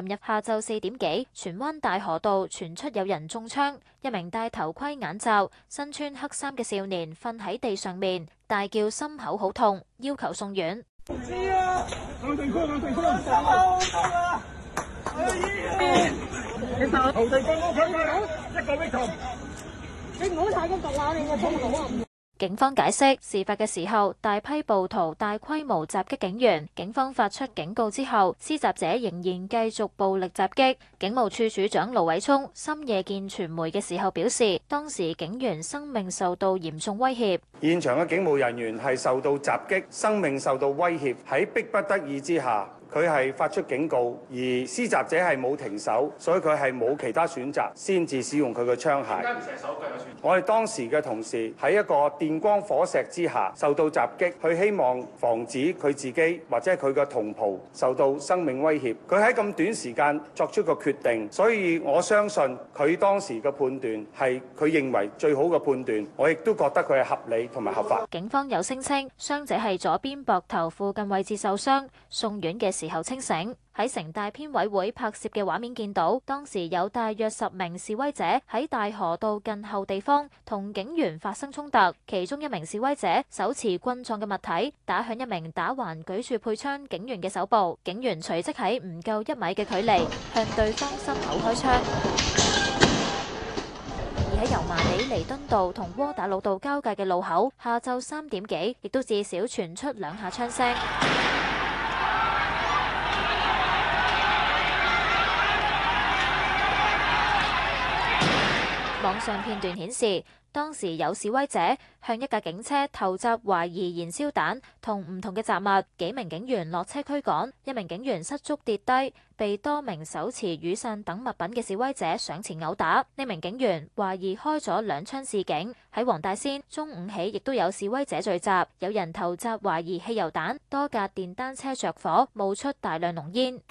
琴日下晝四點幾，荃灣大河道傳出有人中槍，一名戴頭盔眼罩、身穿黑衫嘅少年瞓喺地上面，大叫心口好痛，要求送院。知啊，我地哥，我地哥受傷啦！阿姨，你手，我地哥我傷啦，一個咩痛？你唔好太過毒口，你我衝到啊！警方解釋，事發嘅時候大批暴徒大規模襲擊警員，警方發出警告之後，施襲者仍然繼續暴力襲擊。警務處處長盧偉聰深夜見傳媒嘅時候表示，當時警員生命受到嚴重威脅，現場嘅警務人員係受到襲擊，生命受到威脅，喺逼不得已之下。佢係發出警告，而施襲者係冇停手，所以佢係冇其他選擇，先至使用佢嘅槍械。我哋當時嘅同事喺一個電光火石之下受到襲擊，佢希望防止佢自己或者佢嘅同袍受到生命威脅。佢喺咁短時間作出個決定，所以我相信佢當時嘅判斷係佢認為最好嘅判斷。我亦都覺得佢係合理同埋合法。警方有聲稱，傷者係左邊膊頭附近位置受傷，送院嘅時候清醒，喺城大編委會拍攝嘅畫面見到，當時有大約十名示威者喺大河道近後地方同警員發生衝突，其中一名示威者手持棍狀嘅物體，打向一名打橫舉住配槍警員嘅手部，警員隨即喺唔夠一米嘅距離向對方心口開槍。而喺油麻地彌敦道同窩打老道交界嘅路口，下晝三點幾，亦都至少傳出兩下槍聲。網上片段顯示，當時有示威者向一架警車投擲懷疑燃燒彈同唔同嘅雜物，幾名警員落車驅趕，一名警員失足跌低，被多名手持雨傘等物品嘅示威者上前毆打。呢名警員懷疑開咗兩槍示警。喺黃大仙中午起，亦都有示威者聚集，有人投擲懷疑汽油彈，多架電單車着火，冒出大量濃煙。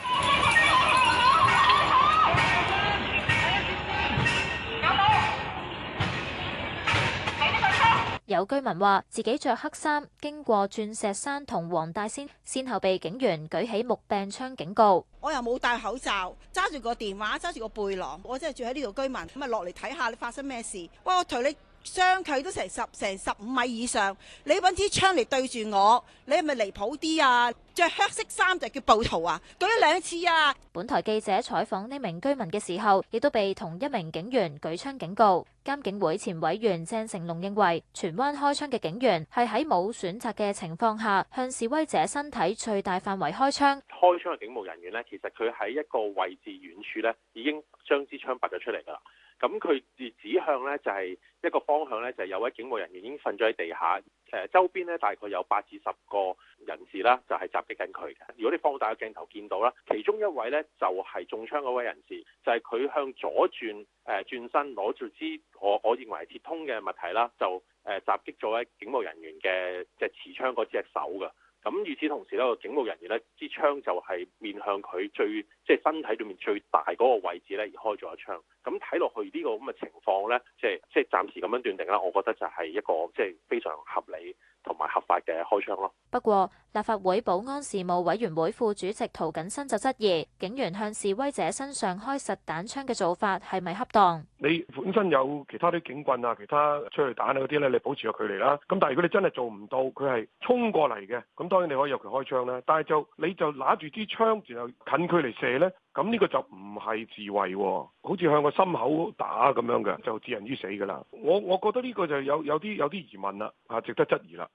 有居民話自己着黑衫，經過鑽石山同黃大仙，先後被警員舉起木柄槍警告。我又冇戴口罩，揸住個電話，揸住個背囊，我真係住喺呢度居民，咁啊落嚟睇下看看你發生咩事。喂，我同你。相距都成十成十五米以上，你揾支槍嚟對住我，你係咪離譜啲啊？着黑色衫就叫暴徒啊？舉咗兩次啊！本台記者採訪呢名居民嘅時候，亦都被同一名警員舉槍警告。監警會前委員鄭成龍認為，荃灣開槍嘅警員係喺冇選擇嘅情況下，向示威者身體最大範圍開槍。開槍嘅警務人員呢，其實佢喺一個位置遠處呢已經將支槍拔咗出嚟㗎啦。咁佢指向咧就係、是、一個方向咧，就係、是、有位警務人員已經瞓咗喺地下，誒、呃、周邊咧大概有八至十個人士啦，就係、是、襲擊緊佢嘅。如果你放大個鏡頭見到啦，其中一位咧就係、是、中槍嗰位人士，就係、是、佢向左轉誒、呃、轉身攞住支我我認為鐵通嘅物體啦，就誒、呃、襲擊咗喺警務人員嘅即係持槍嗰隻手嘅。咁，與此同時咧，個警務人員咧支槍就係面向佢最即係、就是、身體裏面最大嗰個位置咧而開咗一槍。咁睇落去呢個咁嘅情況咧，即係即係暫時咁樣斷定啦。我覺得就係一個即係、就是、非常合理同埋嘅開槍咯。不過立法會保安事務委員會副主席涂謹申就質疑警員向示威者身上開實彈槍嘅做法係咪恰當？你本身有其他啲警棍啊、其他催淚彈啊嗰啲咧，你保持咗距離啦。咁但係如果你真係做唔到，佢係衝過嚟嘅，咁當然你可以有權開槍啦。但係就你就拿住支槍，然後近距離射咧，咁呢個就唔係自衞，好似向個心口打咁樣嘅，就致人於死㗎啦。我我覺得呢個就有有啲有啲疑問啦，啊，值得質疑啦。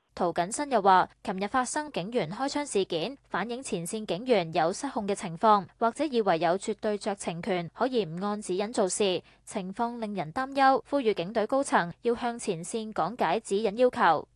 本身又話，琴日發生警員開槍事件，反映前線警員有失控嘅情況，或者以為有絕對著情權，可以唔按指引做事，情況令人擔憂，呼籲警隊高層要向前線講解指引要求。